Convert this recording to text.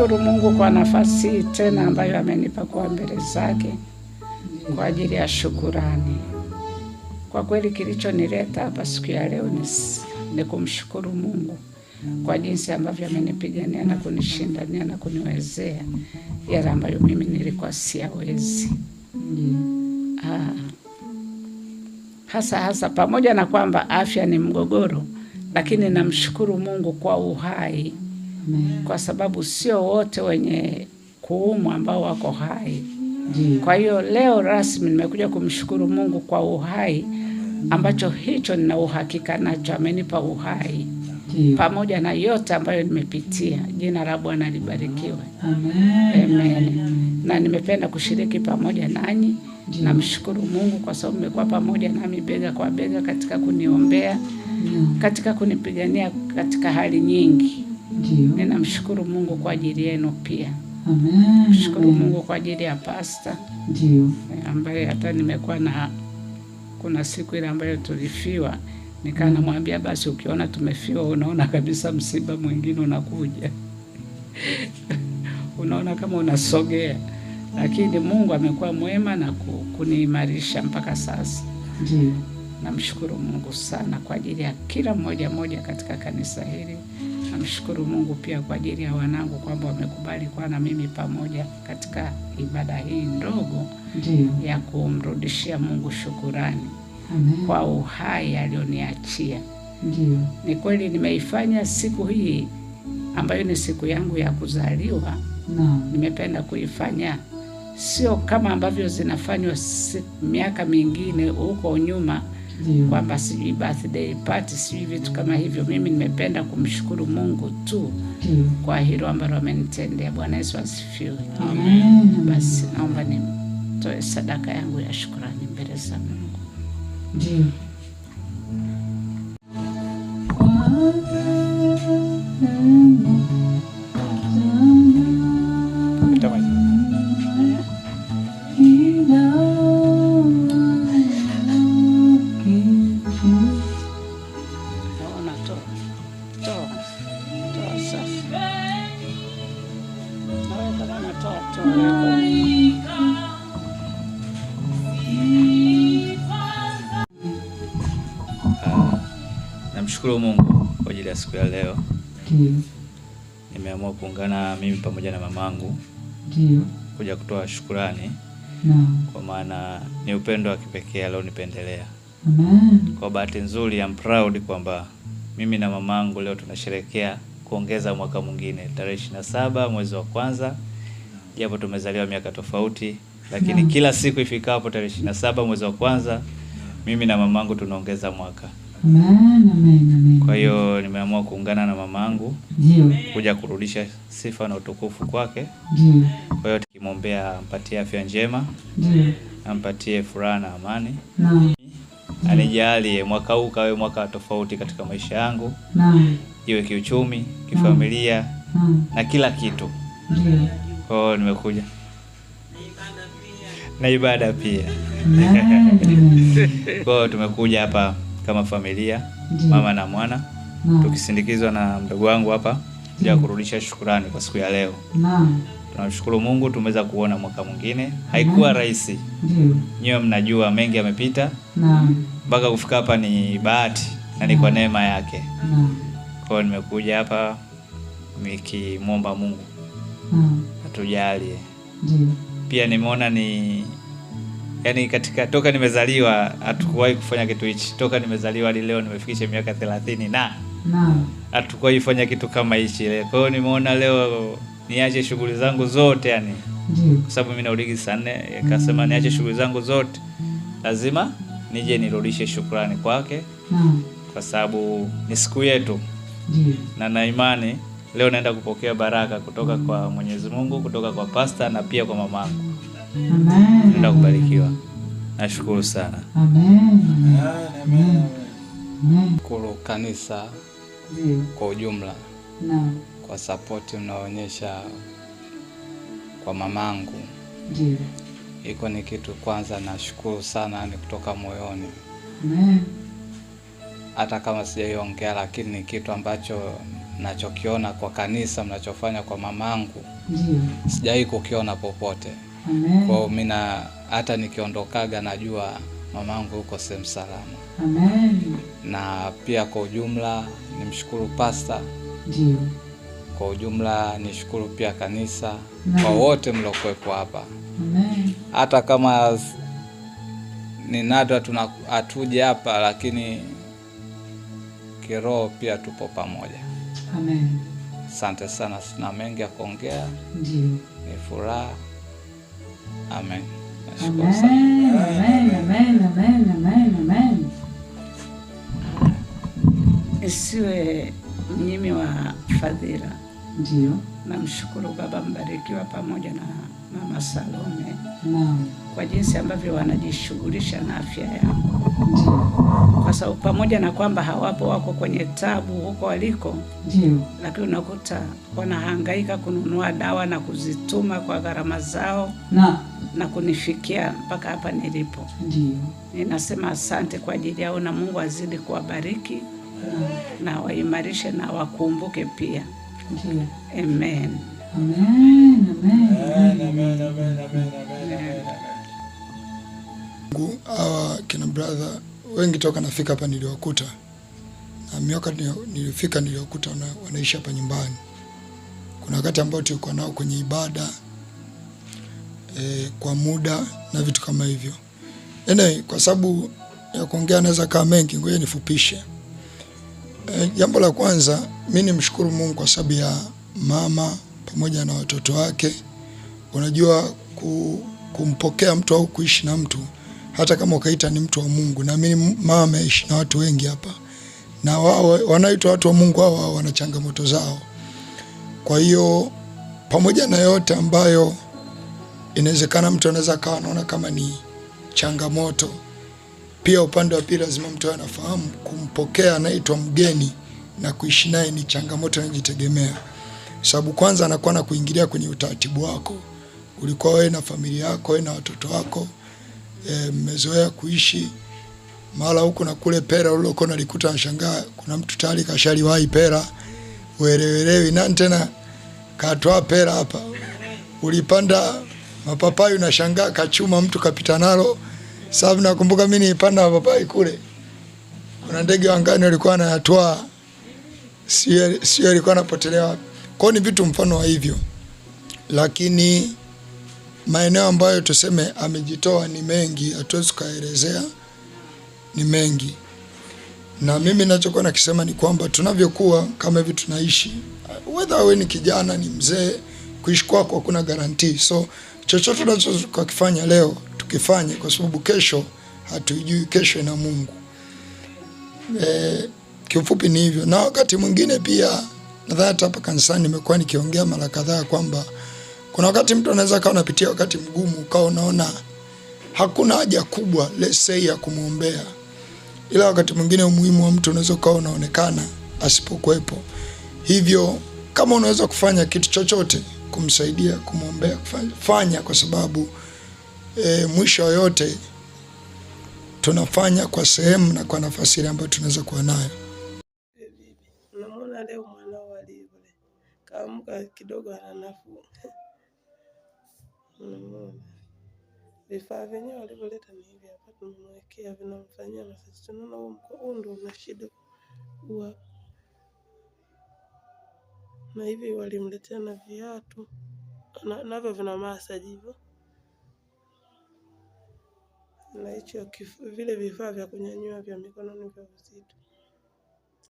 Namshukuru Mungu kwa nafasi tena ambayo amenipa kuwa mbele zake kwa ajili ya shukurani. Kwa kweli kilichonileta hapa siku ya leo ni, ni kumshukuru Mungu kwa jinsi ambavyo amenipigania na kunishindania na kuniwezea yale ambayo mimi nilikuwa siyawezi. Ah, hasa hasa pamoja na kwamba afya ni mgogoro, lakini namshukuru Mungu kwa uhai. Kwa sababu sio wote wenye kuumwa ambao wako hai. Kwa hiyo leo rasmi nimekuja kumshukuru Mungu kwa uhai ambacho hicho nina uhakika nacho, amenipa uhai pamoja na yote ambayo nimepitia. Jina la Bwana libarikiwe. Amen. Na nimependa kushiriki pamoja nanyi. Namshukuru Mungu kwa sababu mmekuwa pamoja nami bega kwa bega katika kuniombea, katika kunipigania katika hali nyingi. Ndiyo. Ninamshukuru Mungu kwa ajili yenu pia. Amen. Mshukuru Mungu kwa ajili ya pasta. Ndio. Eh, Ambaye hata nimekuwa na kuna siku ile ambayo tulifiwa nikaa mm. namwambia basi, ukiona tumefiwa, unaona kabisa msiba mwingine unakuja unaona kama unasogea, lakini Mungu amekuwa mwema na kuniimarisha mpaka sasa. Ndio. Namshukuru Mungu sana kwa ajili ya kila mmoja mmoja katika kanisa hili. Namshukuru Mungu pia kwa ajili ya wanangu kwamba wamekubali kuwa na mimi pamoja katika ibada hii ndogo ya kumrudishia Mungu shukurani Amen. kwa uhai alioniachia. Ni kweli nimeifanya siku hii ambayo ni siku yangu ya kuzaliwa no. Nimependa kuifanya sio kama ambavyo zinafanywa miaka mingine huko nyuma kwamba sijui birthday party sijui vitu kama hivyo. Mimi nimependa kumshukuru Mungu tu Dio. kwa hilo ambalo amenitendea. Bwana Yesu asifiwe. Amen. Basi naomba nitoe sadaka yangu ya shukurani mbele za Mungu. Ndio. Namshukuru Mungu kwa ajili ya siku ya leo. Ndio. Nimeamua kuungana mimi pamoja na mamangu. Ndio. Kuja kutoa shukurani. Naam. Kwa maana ni upendo wa kipekee alionipendelea. Amen. Kwa bahati nzuri I'm proud kwamba mimi na mamangu leo tunasherekea kuongeza mwaka mwingine tarehe ishirini na saba mwezi wa kwanza, japo tumezaliwa miaka tofauti, lakini Naam. kila siku ifikapo tarehe ishirini na saba mwezi wa kwanza mimi na mamangu tunaongeza mwaka. Amen, amen, amen. Kwa hiyo nimeamua kuungana na mamangu ndio kuja kurudisha sifa na utukufu kwake. Ndio. Kwa hiyo tukimwombea ampatie afya njema, ndio, ampatie furaha na amani, naam, anijalie mwaka huu kawe mwaka tofauti katika maisha yangu, naam, iwe kiuchumi, kifamilia na, na kila kitu. Ndio. Kwa hiyo nimekuja na ibada pia. Kwa hiyo tumekuja hapa kama familia Ndiyo. mama na mwana tukisindikizwa na mdogo wangu hapa ya kurudisha shukurani kwa siku ya leo. na. Tunamshukuru Mungu tumeweza kuona mwaka mwingine. Haikuwa rahisi. Ndio. mnajua mengi yamepita. Mpaka kufika hapa ni bahati na ni kwa neema yake. Naam. Kwa nimekuja hapa nikimwomba Mungu Naam. atujalie. Pia nimeona ni yani katika toka nimezaliwa hatukuwahi kufanya kitu hichi toka nimezaliwa hadi leo nimefikisha miaka thelathini na hatukuwahi kufanya kitu kama hichi kwa hiyo nimeona leo niache shughuli zangu zote yani kwa sababu mi naurigi saa nne kasema mm. niache shughuli zangu zote lazima nije nirudishe shukrani kwake kwa sababu ni siku yetu na na imani leo naenda kupokea baraka kutoka kwa mwenyezi mungu kutoka kwa pasta na pia kwa mamangu Enda kubarikiwa. Nashukuru sana kuru kanisa kwa ujumla na kwa sapoti mnaonyesha kwa mamangu iko ni kitu kwanza, nashukuru sana, ni kutoka moyoni, hata kama sijaiongea, lakini ni kitu ambacho nachokiona kwa kanisa mnachofanya kwa mamangu, sijai kukiona popote. Kwa mimi na hata nikiondokaga najua mamangu yuko sehemu salama. Amen. Na pia kwa ujumla nimshukuru pasta. Ndio. Kwa ujumla nishukuru pia kanisa Amen. Kwa wote mliokuwepo hapa Hata kama ni nadra hatuje hapa, lakini kiroho pia tupo pamoja Amen. Asante sana, sina mengi ya kuongea. Ndio. Ni furaha Amen. Amen, Amen, amen, amen, amen, amen. Yesiwe mnyimi wa fadhila Ndio. Namshukuru Baba Mbarikiwa pamoja na Mama Salome na, kwa jinsi ambavyo wanajishughulisha na afya yangu, kwa sababu pamoja na kwamba hawapo, wako kwenye tabu huko waliko, lakini unakuta wanahangaika kununua dawa na kuzituma kwa gharama zao na na kunifikia mpaka hapa nilipo. Ndio. Ninasema asante kwa ajili yao na Mungu azidi kuwabariki na waimarishe na wakumbuke pia Amen. Amen, amen, amen, amen, amen. Hawa kina brother wengi toka nafika hapa niliwakuta, na miaka nilifika niliwakuta wanaishi hapa nyumbani. Kuna wakati ambao tulikuwa nao kwenye ibada e, kwa muda na vitu kama hivyo. Ene, kwa sababu ya kuongea naweza kaa mengi, ngoja nifupishe. E, jambo la kwanza mi nimshukuru Mungu kwa sababu ya mama pamoja na watoto wake. Unajua ku, kumpokea mtu au kuishi na mtu hata kama ukaita ni mtu wa Mungu, na mimi mama ameishi na watu wengi hapa, na wao wanaitwa watu wa Mungu, hao wana changamoto zao. Kwa hiyo pamoja na yote ambayo inawezekana mtu anaweza kawa anaona kama ni changamoto pia upande wa pili lazima mtu anafahamu kumpokea anaitwa mgeni na kuishi naye ni changamoto inajitegemea, sababu kwanza anakuwa na kuingilia kwenye utaratibu wako, ulikuwa wewe na familia yako, wewe na watoto wako eh, mmezoea e, kuishi mara huko na kule. Pera uliokuwa nalikuta, nashangaa kuna mtu tayari kashaliwahi pera, uelewelewi nani tena katoa pera hapa, ulipanda mapapai unashangaa kachuma mtu kapita nalo sababu nakumbuka mimi nilipanda mapapai kule, kuna ndege wangani walikuwa wanayatoa, sio alikuwa anapotelea wapi. Kwao ni vitu mfano wa hivyo, lakini maeneo ambayo tuseme amejitoa ni mengi, hatuwezi kuelezea, ni mengi. Na mimi nachokuwa nakisema ni kwamba tunavyokuwa kama hivi tunaishi, whether wewe ni kijana, ni mzee, kuishi kwako hakuna garantii. So chochote unachokifanya leo tukifanye, kwa sababu kesho hatujui, kesho ina Mungu. E, kiufupi ni hivyo. Na wakati mwingine pia nadhani hata hapa kanisani nimekuwa nikiongea mara kadhaa kwamba kuna wakati mtu anaweza kawa unapitia wakati mgumu, ukawa unaona hakuna haja kubwa let's say ya kumwombea, ila wakati mwingine umuhimu wa mtu unaweza ukawa unaonekana asipokuwepo. Hivyo kama unaweza kufanya kitu chochote kumsaidia, kumwombea, fanya kwa sababu e, mwisho yote tunafanya kwa sehemu na kwa nafasi ile ambayo tunaweza kuwa nayo. Naona leo mwanao alivyo kaamka kidogo, ana nafuu. Vifaa vyenyewe walivyoleta ni hivi hapa, tumemwekea vinamfanyia masasi. Tunaona huu ndio una shida huwa, na hivi walimletea na viatu navyo vina masaji hivyo na hicho vile vifaa vya kunyanyua vya mikononi vya uzito.